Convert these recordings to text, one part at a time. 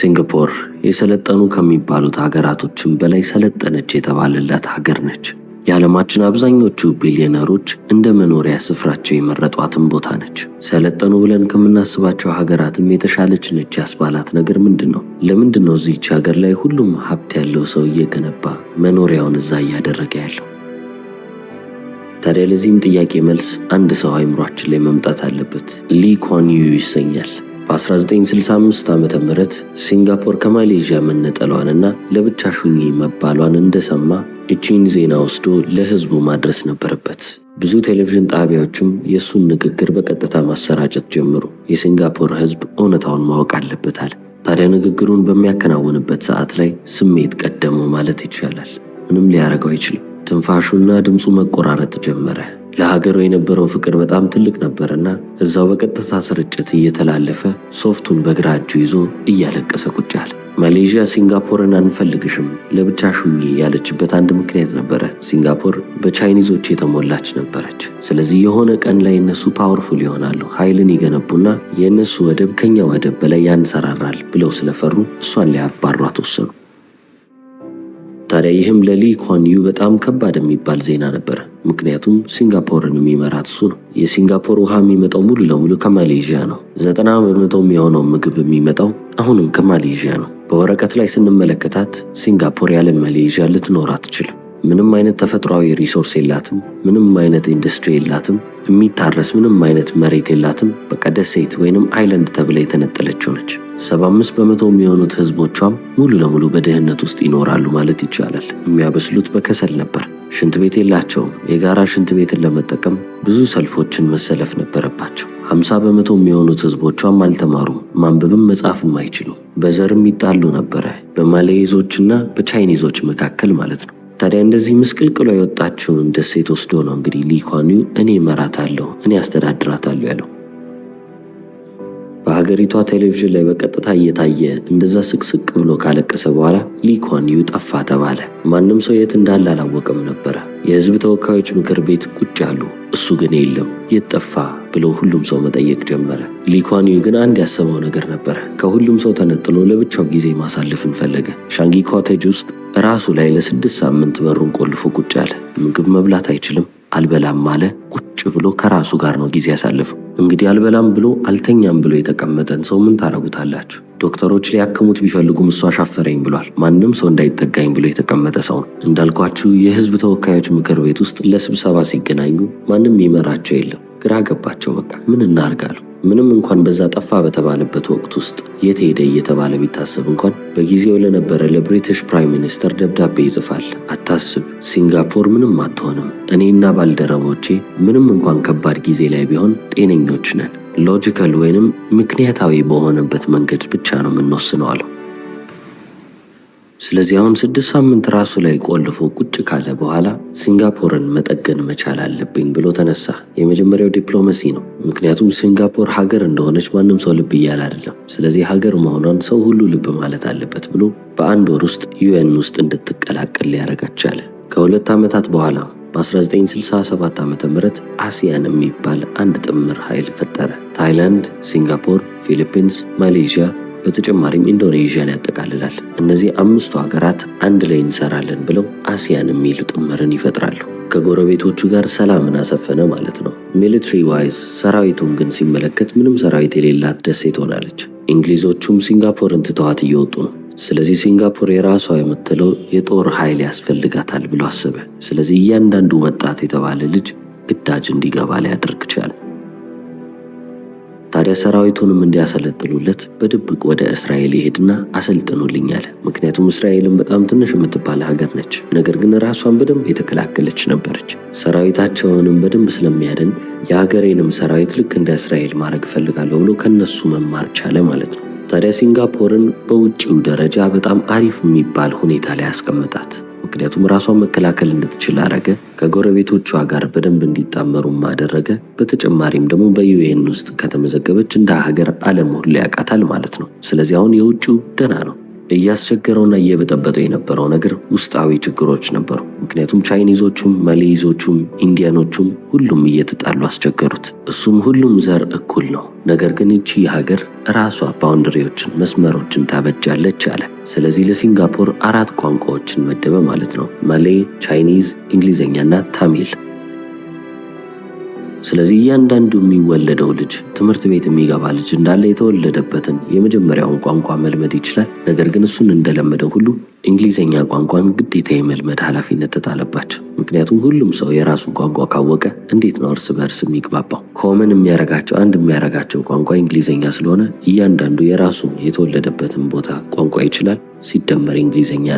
ሲንጋፖር የሰለጠኑ ከሚባሉት ሀገራቶችም በላይ ሰለጠነች የተባለላት ሀገር ነች። የዓለማችን አብዛኞቹ ቢሊዮነሮች እንደ መኖሪያ ስፍራቸው የመረጧትን ቦታ ነች። ሰለጠኑ ብለን ከምናስባቸው ሀገራትም የተሻለች ነች ያስባላት ነገር ምንድን ነው? ለምንድን ነው እዚች ሀገር ላይ ሁሉም ሀብት ያለው ሰው እየገነባ መኖሪያውን እዛ እያደረገ ያለው? ታዲያ ለዚህም ጥያቄ መልስ አንድ ሰው አይምሯችን ላይ መምጣት አለበት። ሊ ኩዋን ዩ ይሰኛል። በ1965 ዓ ም ሲንጋፖር ከማሌዥያ መነጠሏንና ለብቻ ሹኝ መባሏን እንደሰማ እቺን ዜና ወስዶ ለህዝቡ ማድረስ ነበረበት። ብዙ ቴሌቪዥን ጣቢያዎችም የእሱን ንግግር በቀጥታ ማሰራጨት ጀምሩ። የሲንጋፖር ህዝብ እውነታውን ማወቅ አለበታል። ታዲያ ንግግሩን በሚያከናውንበት ሰዓት ላይ ስሜት ቀደመው ማለት ይቻላል። ምንም ሊያደርገው አይችልም። ትንፋሹና ድምፁ መቆራረጥ ጀመረ። ለሀገሩ የነበረው ፍቅር በጣም ትልቅ ነበርና እዛው በቀጥታ ስርጭት እየተላለፈ ሶፍቱን በግራ እጁ ይዞ እያለቀሰ ቁጭ አለ። ማሌዥያ ሲንጋፖርን አንፈልግሽም ለብቻ ሹኝ ያለችበት አንድ ምክንያት ነበረ። ሲንጋፖር በቻይኒዞች የተሞላች ነበረች። ስለዚህ የሆነ ቀን ላይ እነሱ ፓወርፉል ይሆናሉ፣ ኃይልን ይገነቡና የእነሱ ወደብ ከኛ ወደብ በላይ ያንሰራራል ብለው ስለፈሩ እሷን ሊያባሯት ወሰኑ። ታዲያ ይህም ለሊ ኳን ዩ በጣም ከባድ የሚባል ዜና ነበር። ምክንያቱም ሲንጋፖርን የሚመራት እሱ ነው። የሲንጋፖር ውሃ የሚመጣው ሙሉ ለሙሉ ከማሌዥያ ነው። ዘጠና በመቶ የሚሆነው ምግብ የሚመጣው አሁንም ከማሌዥያ ነው። በወረቀት ላይ ስንመለከታት ሲንጋፖር ያለ ማሌዥያ ልትኖር አትችልም። ምንም አይነት ተፈጥሯዊ ሪሶርስ የላትም። ምንም አይነት ኢንዱስትሪ የላትም። የሚታረስ ምንም አይነት መሬት የላትም። በቃ ደሴት ወይንም አይለንድ ተብላ የተነጠለችው ነች። 75 በመቶ የሚሆኑት ህዝቦቿም ሙሉ ለሙሉ በድህነት ውስጥ ይኖራሉ ማለት ይቻላል። የሚያበስሉት በከሰል ነበር። ሽንት ቤት የላቸውም። የጋራ ሽንት ቤትን ለመጠቀም ብዙ ሰልፎችን መሰለፍ ነበረባቸው። 50 በመቶ የሚሆኑት ህዝቦቿም አልተማሩም፣ ማንበብም መጻፍም አይችሉም። በዘርም ይጣሉ ነበረ፣ በማሌይዞችና በቻይኒዞች መካከል ማለት ነው። ታዲያ እንደዚህ ምስቅልቅሎ የወጣችውን ደሴት ወስዶ ነው እንግዲህ ሊኳን እኔ እመራታለሁ፣ እኔ አስተዳድራታለሁ ያለው። በሀገሪቷ ቴሌቪዥን ላይ በቀጥታ እየታየ እንደዛ ስቅስቅ ብሎ ካለቀሰ በኋላ ሊኳኒዩ ጠፋ ተባለ። ማንም ሰው የት እንዳለ አላወቅም ነበረ። የህዝብ ተወካዮች ምክር ቤት ቁጭ አሉ። እሱ ግን የለም የጠፋ ብሎ ሁሉም ሰው መጠየቅ ጀመረ። ሊኳንዩ ግን አንድ ያሰበው ነገር ነበረ። ከሁሉም ሰው ተነጥሎ ለብቻው ጊዜ ማሳለፍን ፈለገ። ሻንጊ ኮቴጅ ውስጥ ራሱ ላይ ለስድስት ሳምንት በሩን ቆልፎ ቁጭ አለ። ምግብ መብላት አይችልም። አልበላም አለ። ቁጭ ብሎ ከራሱ ጋር ነው ጊዜ ያሳልፈው። እንግዲህ አልበላም ብሎ አልተኛም ብሎ የተቀመጠን ሰው ምን ታረጉታላችሁ? ዶክተሮች ሊያክሙት ቢፈልጉም እሱ አሻፈረኝ ብሏል። ማንም ሰው እንዳይጠጋኝ ብሎ የተቀመጠ ሰው ነው። እንዳልኳችሁ የህዝብ ተወካዮች ምክር ቤት ውስጥ ለስብሰባ ሲገናኙ ማንም ይመራቸው የለም። ግራ ገባቸው። በቃ ምን እናርጋሉ? ምንም እንኳን በዛ ጠፋ በተባለበት ወቅት ውስጥ የት ሄደ እየተባለ ቢታሰብ እንኳን በጊዜው ለነበረ ለብሪቲሽ ፕራይም ሚኒስተር ደብዳቤ ይጽፋል። አታስብ፣ ሲንጋፖር ምንም አትሆንም። እኔና ባልደረቦቼ ምንም እንኳን ከባድ ጊዜ ላይ ቢሆን ጤነኞች ነን። ሎጂካል ወይንም ምክንያታዊ በሆነበት መንገድ ብቻ ነው የምንወስነው አለው። ስለዚህ አሁን ስድስት ሳምንት ራሱ ላይ ቆልፎ ቁጭ ካለ በኋላ ሲንጋፖርን መጠገን መቻል አለብኝ ብሎ ተነሳ። የመጀመሪያው ዲፕሎማሲ ነው። ምክንያቱም ሲንጋፖር ሀገር እንደሆነች ማንም ሰው ልብ እያለ አይደለም። ስለዚህ ሀገር መሆኗን ሰው ሁሉ ልብ ማለት አለበት ብሎ በአንድ ወር ውስጥ ዩኤን ውስጥ እንድትቀላቀል ሊያረጋት ከሁለት ዓመታት በኋላ በ1967 ዓ ም አሲያን የሚባል አንድ ጥምር ኃይል ፈጠረ። ታይላንድ፣ ሲንጋፖር፣ ፊሊፒንስ፣ ማሌዥያ በተጨማሪም ኢንዶኔዥያን ያጠቃልላል። እነዚህ አምስቱ ሀገራት አንድ ላይ እንሰራለን ብለው አሲያን የሚሉ ጥምርን ይፈጥራሉ። ከጎረቤቶቹ ጋር ሰላምን አሰፈነ ማለት ነው። ሚሊትሪ ዋይዝ ሰራዊቱን ግን ሲመለከት ምንም ሰራዊት የሌላት ደሴት ሆናለች። እንግሊዞቹም ሲንጋፖርን ትተዋት እየወጡ ነው። ስለዚህ ሲንጋፖር የራሷ የምትለው የጦር ኃይል ያስፈልጋታል ብሎ አሰበ። ስለዚህ እያንዳንዱ ወጣት የተባለ ልጅ ግዳጅ እንዲገባ ሊያደርግ ቻለ። ታዲያ ሰራዊቱንም እንዲያሰለጥኑለት በድብቅ ወደ እስራኤል ይሄድና አሰልጥኑልኝ አለ። ምክንያቱም እስራኤልን በጣም ትንሽ የምትባል ሀገር ነች፣ ነገር ግን ራሷን በደንብ የተከላከለች ነበረች። ሰራዊታቸውንም በደንብ ስለሚያደንቅ የሀገሬንም ሰራዊት ልክ እንደ እስራኤል ማድረግ እፈልጋለሁ ብሎ ከነሱ መማር ቻለ ማለት ነው። ታዲያ ሲንጋፖርን በውጭው ደረጃ በጣም አሪፍ የሚባል ሁኔታ ላይ አስቀምጣት ምክንያቱም ራሷን መከላከል እንድትችል አረገ፣ ከጎረቤቶቿ ጋር በደንብ እንዲጣመሩም አደረገ። በተጨማሪም ደግሞ በዩኤን ውስጥ ከተመዘገበች እንደ ሀገር ዓለም ሁሉ ያውቃታል ማለት ነው። ስለዚህ አሁን የውጭው ደህና ነው። እያስቸገረውና እየበጠበጠው የነበረው ነገር ውስጣዊ ችግሮች ነበሩ። ምክንያቱም ቻይኒዞቹም፣ መሌይዞቹም፣ ኢንዲያኖቹም ሁሉም እየተጣሉ አስቸገሩት። እሱም ሁሉም ዘር እኩል ነው፣ ነገር ግን እቺ የሀገር ራሷ ባውንደሪዎችን መስመሮችን ታበጃለች አለ። ስለዚህ ለሲንጋፖር አራት ቋንቋዎችን መደበ ማለት ነው፦ መሌ፣ ቻይኒዝ፣ እንግሊዝኛና ታሚል ስለዚህ እያንዳንዱ የሚወለደው ልጅ ትምህርት ቤት የሚገባ ልጅ እንዳለ የተወለደበትን የመጀመሪያውን ቋንቋ መልመድ ይችላል። ነገር ግን እሱን እንደለመደው ሁሉ እንግሊዝኛ ቋንቋን ግዴታ የመልመድ ኃላፊነት ተጣለባቸው። ምክንያቱም ሁሉም ሰው የራሱን ቋንቋ ካወቀ እንዴት ነው እርስ በእርስ የሚግባባው? ኮመን የሚያረጋቸው አንድ የሚያረጋቸው ቋንቋ እንግሊዝኛ ስለሆነ እያንዳንዱ የራሱን የተወለደበትን ቦታ ቋንቋ ይችላል። ሲደመር እንግሊዝኛ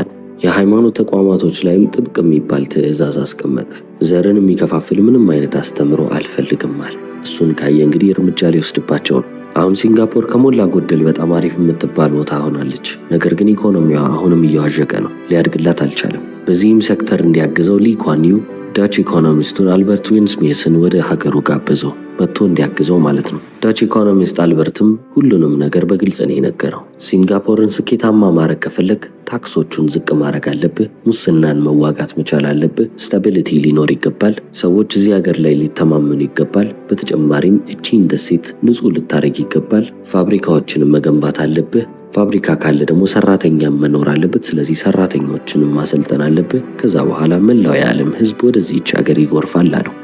የሃይማኖት ተቋማቶች ላይም ጥብቅ የሚባል ትዕዛዝ አስቀመጠ። ዘርን የሚከፋፍል ምንም አይነት አስተምሮ አልፈልግም አለ። እሱን ካየ እንግዲህ እርምጃ ሊወስድባቸው ነው። አሁን ሲንጋፖር ከሞላ ጎደል በጣም አሪፍ የምትባል ቦታ ሆናለች። ነገር ግን ኢኮኖሚዋ አሁንም እየዋዠቀ ነው፣ ሊያድግላት አልቻለም። በዚህም ሴክተር እንዲያግዘው ሊኳንዩ ዳች ኢኮኖሚስቱን አልበርት ዊንስሜስን ወደ ሀገሩ ጋበዘው። መጥቶ እንዲያግዘው ማለት ነው። ዳች ኢኮኖሚስት አልበርትም ሁሉንም ነገር በግልጽ ነው የነገረው። ሲንጋፖርን ስኬታማ ማድረግ ከፈለግ ታክሶቹን ዝቅ ማድረግ አለብህ፣ ሙስናን መዋጋት መቻል አለብህ፣ ስታቢሊቲ ሊኖር ይገባል፣ ሰዎች እዚህ ሀገር ላይ ሊተማመኑ ይገባል። በተጨማሪም እቺን ደሴት ንጹህ ልታደረግ ይገባል። ፋብሪካዎችንም መገንባት አለብህ። ፋብሪካ ካለ ደግሞ ሰራተኛ መኖር አለበት። ስለዚህ ሰራተኞችንም ማሰልጠን አለብህ። ከዛ በኋላ መላው የዓለም ህዝብ ወደዚህች ሀገር ይጎርፋል አለው።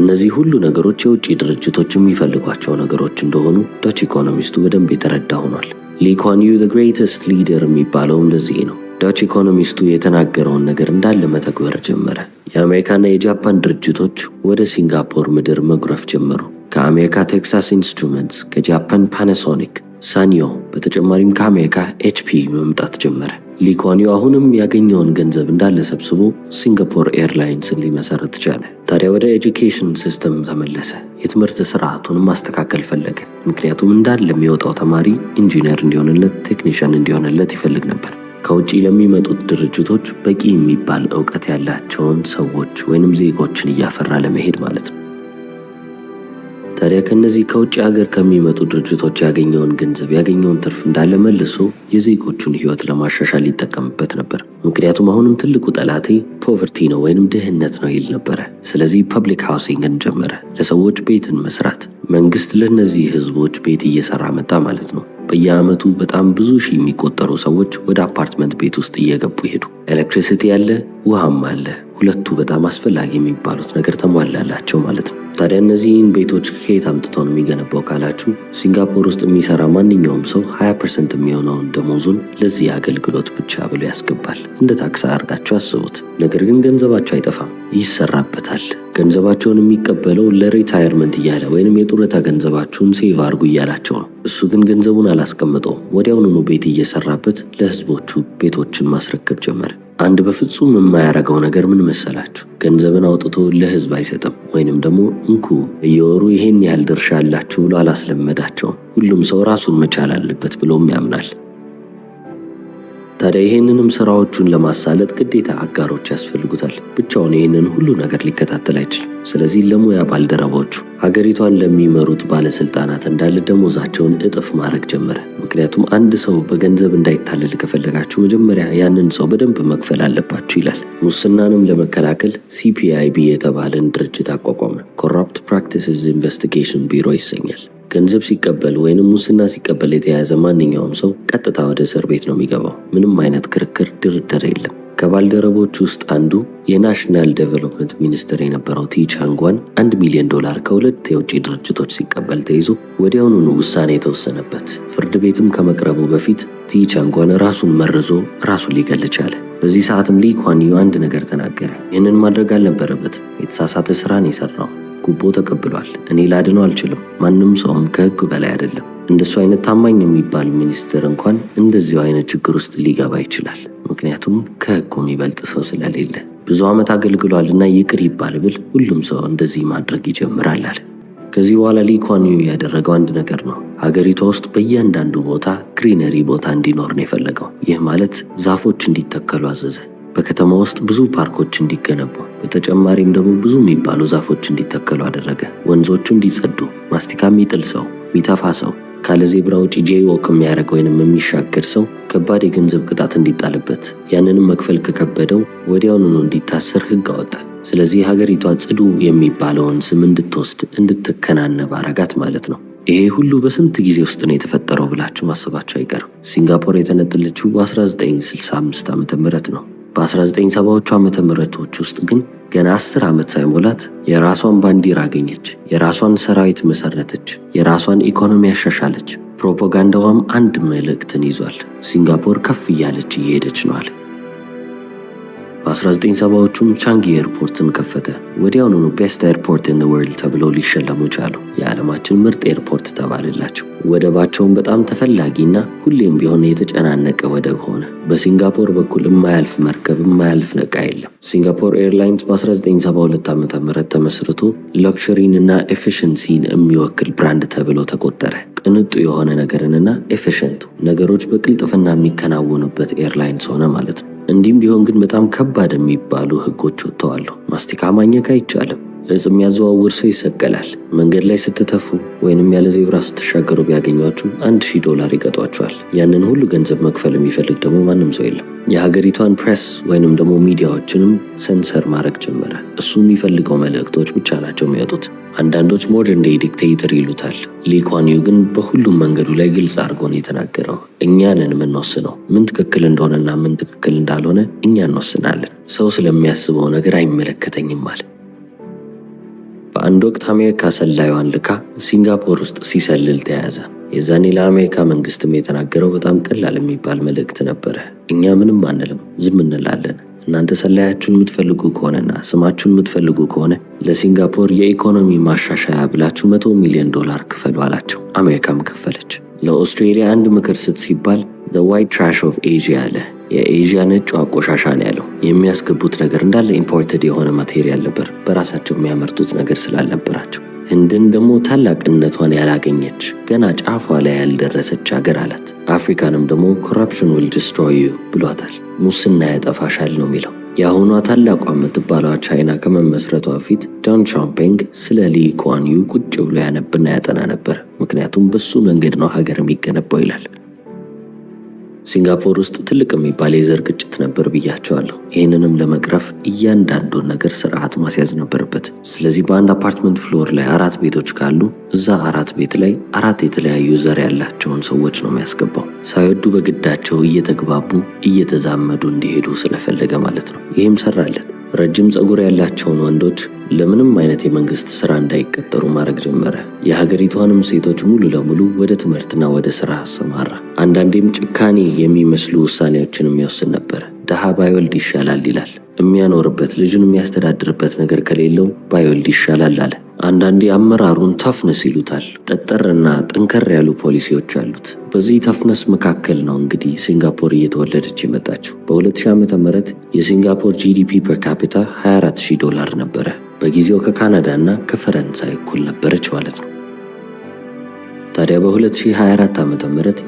እነዚህ ሁሉ ነገሮች የውጭ ድርጅቶች የሚፈልጓቸው ነገሮች እንደሆኑ ዳች ኢኮኖሚስቱ በደንብ የተረዳ ሆኗል። ሊኳን ዩ ዘ ግሬተስት ሊደር የሚባለውም ለዚህ ነው። ዳች ኢኮኖሚስቱ የተናገረውን ነገር እንዳለ መተግበር ጀመረ። የአሜሪካና የጃፓን ድርጅቶች ወደ ሲንጋፖር ምድር መጉረፍ ጀመሩ። ከአሜሪካ ቴክሳስ ኢንስትሩመንትስ፣ ከጃፓን ፓናሶኒክ፣ ሳኒዮ በተጨማሪም ከአሜሪካ ኤችፒ መምጣት ጀመረ። ሊኳንዩ አሁንም ያገኘውን ገንዘብ እንዳለ ሰብስቦ ሲንጋፖር ኤርላይንስን ሊመሰረት ቻለ። ታዲያ ወደ ኤጁኬሽን ሲስተም ተመለሰ። የትምህርት ስርዓቱን ማስተካከል ፈለገ። ምክንያቱም እንዳለ የሚወጣው ተማሪ ኢንጂነር እንዲሆንለት፣ ቴክኒሽያን እንዲሆንለት ይፈልግ ነበር። ከውጭ ለሚመጡት ድርጅቶች በቂ የሚባል እውቀት ያላቸውን ሰዎች ወይንም ዜጎችን እያፈራ ለመሄድ ማለት ነው። ታዲያ ከእነዚህ ከውጭ ሀገር ከሚመጡ ድርጅቶች ያገኘውን ገንዘብ ያገኘውን ትርፍ እንዳለ መልሶ የዜጎቹን ህይወት ለማሻሻል ይጠቀምበት ነበር። ምክንያቱም አሁንም ትልቁ ጠላቴ ፖቨርቲ ነው ወይንም ድህነት ነው ይል ነበረ። ስለዚህ ፐብሊክ ሃውሲንግን ጀመረ፣ ለሰዎች ቤትን መስራት። መንግስት ለእነዚህ ህዝቦች ቤት እየሰራ መጣ ማለት ነው። በየአመቱ በጣም ብዙ ሺህ የሚቆጠሩ ሰዎች ወደ አፓርትመንት ቤት ውስጥ እየገቡ ሄዱ። ኤሌክትሪሲቲ አለ፣ ውሃም አለ። ሁለቱ በጣም አስፈላጊ የሚባሉት ነገር ተሟላላቸው ማለት ነው። ታዲያ እነዚህን ቤቶች ከየት አምጥቶ ነው የሚገነባው ካላችሁ ሲንጋፖር ውስጥ የሚሰራ ማንኛውም ሰው 20 ፐርሰንት የሚሆነውን ደሞዙን ለዚህ አገልግሎት ብቻ ብሎ ያስገባል። እንደ ታክስ አድርጋችሁ አስቡት። ነገር ግን ገንዘባችሁ አይጠፋም፣ ይሰራበታል። ገንዘባቸውን የሚቀበለው ለሪታየርመንት እያለ ወይንም የጡረታ ገንዘባችሁን ሴቭ አድርጉ እያላቸው ነው። እሱ ግን ገንዘቡን አላስቀምጠውም። ወዲያውኑኑ ቤት እየሰራበት ለህዝቦቹ ቤቶችን ማስረከብ ጀመረ። አንድ በፍጹም የማያረገው ነገር ምን መሰላችሁ? ገንዘብን አውጥቶ ለህዝብ አይሰጥም። ወይንም ደግሞ እንኩ እየወሩ ይሄን ያህል ድርሻ አላችሁ ብሎ አላስለመዳቸውም። ሁሉም ሰው ራሱን መቻል አለበት ብሎም ያምናል። ታዲያ ይህንንም ስራዎቹን ለማሳለጥ ግዴታ አጋሮች ያስፈልጉታል። ብቻውን ይህንን ሁሉ ነገር ሊከታተል አይችልም። ስለዚህ ለሙያ ባልደረባዎቹ፣ ሀገሪቷን ለሚመሩት ባለስልጣናት እንዳለ ደሞዛቸውን እጥፍ ማድረግ ጀመረ። ምክንያቱም አንድ ሰው በገንዘብ እንዳይታለል ከፈለጋችሁ መጀመሪያ ያንን ሰው በደንብ መክፈል አለባችሁ ይላል። ሙስናንም ለመከላከል ሲፒአይቢ የተባለን ድርጅት አቋቋመ። ኮራፕት ፕራክቲስስ ኢንቨስቲጌሽን ቢሮ ይሰኛል። ገንዘብ ሲቀበል ወይንም ሙስና ሲቀበል የተያዘ ማንኛውም ሰው ቀጥታ ወደ እስር ቤት ነው የሚገባው። ምንም አይነት ክርክር፣ ድርድር የለም። ከባልደረቦች ውስጥ አንዱ የናሽናል ዴቨሎፕመንት ሚኒስትር የነበረው ቲቻንጓን አንድ ሚሊዮን ዶላር ከሁለት የውጭ ድርጅቶች ሲቀበል ተይዞ ወዲያውኑኑ ውሳኔ የተወሰነበት። ፍርድ ቤትም ከመቅረቡ በፊት ቲቻንጓን ራሱን መርዞ ራሱን ሊገል ቻለ። በዚህ ሰዓትም ሊ አንድ ነገር ተናገረ። ይህንን ማድረግ አልነበረበትም። የተሳሳተ ስራን የሰራው ጉቦ ተቀብሏል። እኔ ላድነው አልችልም። ማንም ሰውም ከህግ በላይ አይደለም። እንደሱ አይነት ታማኝ የሚባል ሚኒስትር እንኳን እንደዚሁ አይነት ችግር ውስጥ ሊገባ ይችላል። ምክንያቱም ከህጉ የሚበልጥ ሰው ስለሌለ ብዙ ዓመት አገልግሏልና ይቅር ይባል ብል ሁሉም ሰው እንደዚህ ማድረግ ይጀምራል አለ። ከዚህ በኋላ ሊኳንዩ ያደረገው አንድ ነገር ነው። ሀገሪቷ ውስጥ በእያንዳንዱ ቦታ ግሪነሪ ቦታ እንዲኖር ነው የፈለገው። ይህ ማለት ዛፎች እንዲተከሉ አዘዘ። በከተማ ውስጥ ብዙ ፓርኮች እንዲገነቡ በተጨማሪም ደግሞ ብዙ የሚባሉ ዛፎች እንዲተከሉ አደረገ። ወንዞቹ እንዲጸዱ፣ ማስቲካ የሚጥል ሰው፣ የሚተፋ ሰው ካለ ዜብራ ውጪ ጄይ ወክ የሚያደርግ ወይንም የሚሻገር ሰው ከባድ የገንዘብ ቅጣት እንዲጣልበት፣ ያንንም መክፈል ከከበደው ወዲያውኑ እንዲታሰር ህግ አወጣ። ስለዚህ ሀገሪቷ ጽዱ የሚባለውን ስም እንድትወስድ እንድትከናነብ አረጋት ማለት ነው። ይሄ ሁሉ በስንት ጊዜ ውስጥ ነው የተፈጠረው ብላችሁ ማሰባቸው አይቀርም። ሲንጋፖር የተነጠለችው በ1965 ዓ ም ነው። በ1970ዎቹ ዓመተ ምህረቶች ውስጥ ግን ገና አስር ዓመት ሳይሞላት የራሷን ባንዲራ አገኘች። የራሷን ሰራዊት መሰረተች። የራሷን ኢኮኖሚ አሻሻለች። ፕሮፓጋንዳዋም አንድ መልእክትን ይዟል። ሲንጋፖር ከፍ እያለች እየሄደች ነዋል። በ1970ዎቹም ቻንጊ ኤርፖርትን ከፈተ። ወዲያውኑ ቤስት ኤርፖርት ኢን ወርልድ ተብሎ ሊሸለሙ ቻሉ። የዓለማችን ምርጥ ኤርፖርት ተባለላቸው። ወደባቸውን በጣም ተፈላጊና ሁሌም ቢሆን የተጨናነቀ ወደብ ሆነ። በሲንጋፖር በኩል የማያልፍ መርከብ፣ የማያልፍ እቃ የለም። ሲንጋፖር ኤርላይንስ በ1972 ዓ ም ተመስርቶ ና ኤፊሽንሲን የሚወክል ብራንድ ተብሎ ተቆጠረ። ቅንጡ የሆነ ነገርንና ኤፊሽንቱ ነገሮች በቅልጥፍና የሚከናወኑበት ኤርላይንስ ሆነ ማለት ነው። እንዲህም ቢሆን ግን በጣም ከባድ የሚባሉ ህጎች ወጥተዋል። ማስቲካ ማኘክ አይቻልም። እጽ የሚያዘዋውር ሰው ይሰቀላል። መንገድ ላይ ስትተፉ ወይንም ያለ ዜብራ ስትሻገሩ ቢያገኟችሁ አንድ ሺህ ዶላር ይቀጧቸዋል። ያንን ሁሉ ገንዘብ መክፈል የሚፈልግ ደግሞ ማንም ሰው የለም። የሀገሪቷን ፕሬስ ወይንም ደግሞ ሚዲያዎችንም ሰንሰር ማድረግ ጀመረ። እሱ የሚፈልገው መልእክቶች ብቻ ናቸው የሚወጡት። አንዳንዶች ሞደርን ዴይ ዲክቴተር ይሉታል። ሊኳኒው ግን በሁሉም መንገዱ ላይ ግልጽ አድርጎ ነው የተናገረው። እኛንን የምንወስነው ምን ትክክል እንደሆነና ምን ትክክል እንዳልሆነ እኛ እንወስናለን። ሰው ስለሚያስበው ነገር አይመለከተኝም አለ። በአንድ ወቅት አሜሪካ ሰላዩን ልካ ሲንጋፖር ውስጥ ሲሰልል ተያዘ። የዛኔ ለአሜሪካ መንግስትም የተናገረው በጣም ቀላል የሚባል መልእክት ነበረ። እኛ ምንም አንልም፣ ዝም እንላለን። እናንተ ሰላያችሁን የምትፈልጉ ከሆነና ስማችሁን የምትፈልጉ ከሆነ ለሲንጋፖር የኢኮኖሚ ማሻሻያ ብላችሁ መቶ ሚሊዮን ዶላር ክፈሉ አላቸው። አሜሪካም ከፈለች። ለኦስትሬሊያ አንድ ምክር ስት ሲባል ዘ ዋይት ትራሽ ኦፍ ኤዥያ አለ። የኤዥያ ነጩ አቆሻሻ ነው ያለው። የሚያስገቡት ነገር እንዳለ ኢምፖርትድ የሆነ ማቴሪያል ነበር። በራሳቸው የሚያመርቱት ነገር ስላልነበራቸው ህንድን ደግሞ ታላቅነቷን ያላገኘች ገና ጫፏ ላይ ያልደረሰች ሀገር አላት። አፍሪካንም ደግሞ ኮራፕሽን ዊል ዲስትሮይ ዩ ብሏታል። ሙስና ያጠፋሻል ነው የሚለው። የአሁኗ ታላቋ የምትባለዋ ቻይና ከመመስረቷ ፊት ዳን ሻምፔንግ ስለ ሊ ኩዋን ዩ ቁጭ ብሎ ያነብና ያጠና ነበር። ምክንያቱም በሱ መንገድ ነው ሀገር የሚገነባው ይላል። ሲንጋፖር ውስጥ ትልቅ የሚባል የዘር ግጭት ነበር ብያቸዋለሁ። ይህንንም ለመቅረፍ እያንዳንዱን ነገር ስርዓት ማስያዝ ነበረበት። ስለዚህ በአንድ አፓርትመንት ፍሎር ላይ አራት ቤቶች ካሉ እዛ አራት ቤት ላይ አራት የተለያዩ ዘር ያላቸውን ሰዎች ነው የሚያስገባው። ሳይወዱ በግዳቸው እየተግባቡ እየተዛመዱ እንዲሄዱ ስለፈለገ ማለት ነው። ይህም ሰራለት። ረጅም ጸጉር ያላቸውን ወንዶች ለምንም አይነት የመንግስት ስራ እንዳይቀጠሩ ማድረግ ጀመረ። የሀገሪቷንም ሴቶች ሙሉ ለሙሉ ወደ ትምህርትና ወደ ስራ አሰማራ። አንዳንዴም ጭካኔ የሚመስሉ ውሳኔዎችን የሚወስን ነበር። ድሃ ባይወልድ ይሻላል ይላል። የሚያኖርበት ልጁን የሚያስተዳድርበት ነገር ከሌለው ባይወልድ ይሻላል አለ። አንዳንዴ አመራሩን ተፍነስ ይሉታል። ጠጠርና ጠንከር ያሉ ፖሊሲዎች አሉት። በዚህ ተፍነስ መካከል ነው እንግዲህ ሲንጋፖር እየተወለደች የመጣችው። በ2000 ዓ ም የሲንጋፖር ጂዲፒ ፐርካፒታ 24000 ዶላር ነበረ። በጊዜው ከካናዳ እና ከፈረንሳይ እኩል ነበረች ማለት ነው። ታዲያ በ2024 ዓ ም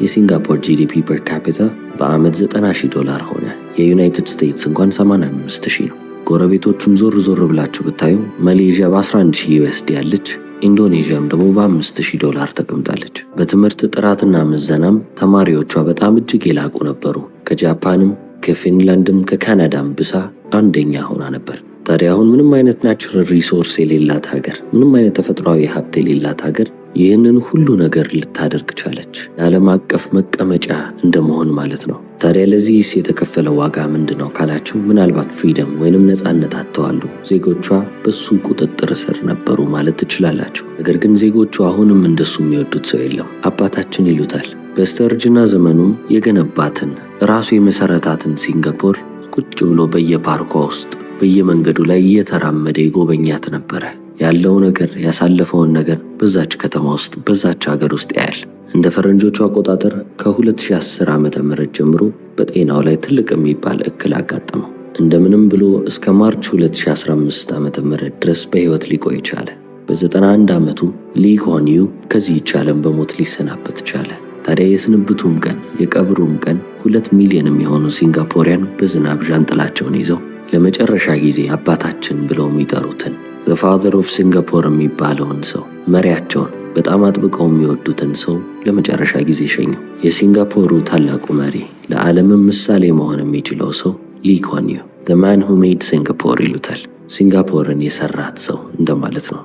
የሲንጋፖር ጂዲፒ ፐርካፒታ በአመት 90000 ዶላር ሆነ። የዩናይትድ ስቴትስ እንኳን 85 ነው። ጎረቤቶቹን ዞር ዞር ብላችሁ ብታዩ ማሌዥያ በ11 ሺህ ዩኤስዲ ያለች ኢንዶኔዥያም ደግሞ በ5000 ዶላር ተቀምጣለች። በትምህርት ጥራትና ምዘናም ተማሪዎቿ በጣም እጅግ የላቁ ነበሩ። ከጃፓንም ከፊንላንድም ከካናዳም ብሳ አንደኛ ሆና ነበር። ታዲያ አሁን ምንም አይነት ናቸራል ሪሶርስ የሌላት ሀገር፣ ምንም አይነት ተፈጥሯዊ ሀብት የሌላት ሀገር ይህንን ሁሉ ነገር ልታደርግ ቻለች። የዓለም አቀፍ መቀመጫ እንደመሆን ማለት ነው። ታዲያ ለዚህስ የተከፈለ ዋጋ ምንድን ነው ካላችሁ ምናልባት ፍሪደም ወይንም ነፃነት አጥተዋሉ። ዜጎቿ በሱ ቁጥጥር ስር ነበሩ ማለት ትችላላችሁ። ነገር ግን ዜጎቹ አሁንም እንደሱ የሚወዱት ሰው የለም። አባታችን ይሉታል። በስተርጅና ዘመኑ የገነባትን ራሱ የመሰረታትን ሲንጋፖር ቁጭ ብሎ በየፓርኳ ውስጥ በየመንገዱ ላይ እየተራመደ ይጎበኛት ነበረ። ያለው ነገር ያሳለፈውን ነገር በዛች ከተማ ውስጥ በዛች ሀገር ውስጥ ያያል። እንደ ፈረንጆቹ አቆጣጠር ከ2010 ም ጀምሮ በጤናው ላይ ትልቅ የሚባል እክል አጋጠመው። እንደምንም ብሎ እስከ ማርች 2015 ም ድረስ በሕይወት ሊቆይ ቻለ። በ91 ዓመቱ ሊ ኩዋን ዩ ከዚህ ዓለም በሞት ሊሰናበት ቻለ። ታዲያ የስንብቱም ቀን የቀብሩም ቀን ሁለት ሚሊዮን የሚሆኑ ሲንጋፖሪያን በዝናብ ዣንጥላቸውን ይዘው ለመጨረሻ ጊዜ አባታችን ብለው የሚጠሩትን ፋዘር ኦፍ ሲንጋፖር የሚባለውን ሰው መሪያቸውን በጣም አጥብቀው የሚወዱትን ሰው ለመጨረሻ ጊዜ ሸኘው። የሲንጋፖሩ ታላቁ መሪ ለዓለምም ምሳሌ መሆን የሚችለው ሰው ሊ ኩዋን ዘ ማን ሁ ሜድ ሲንጋፖር ይሉታል። ሲንጋፖርን የሰራት ሰው እንደማለት ነው።